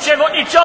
Τι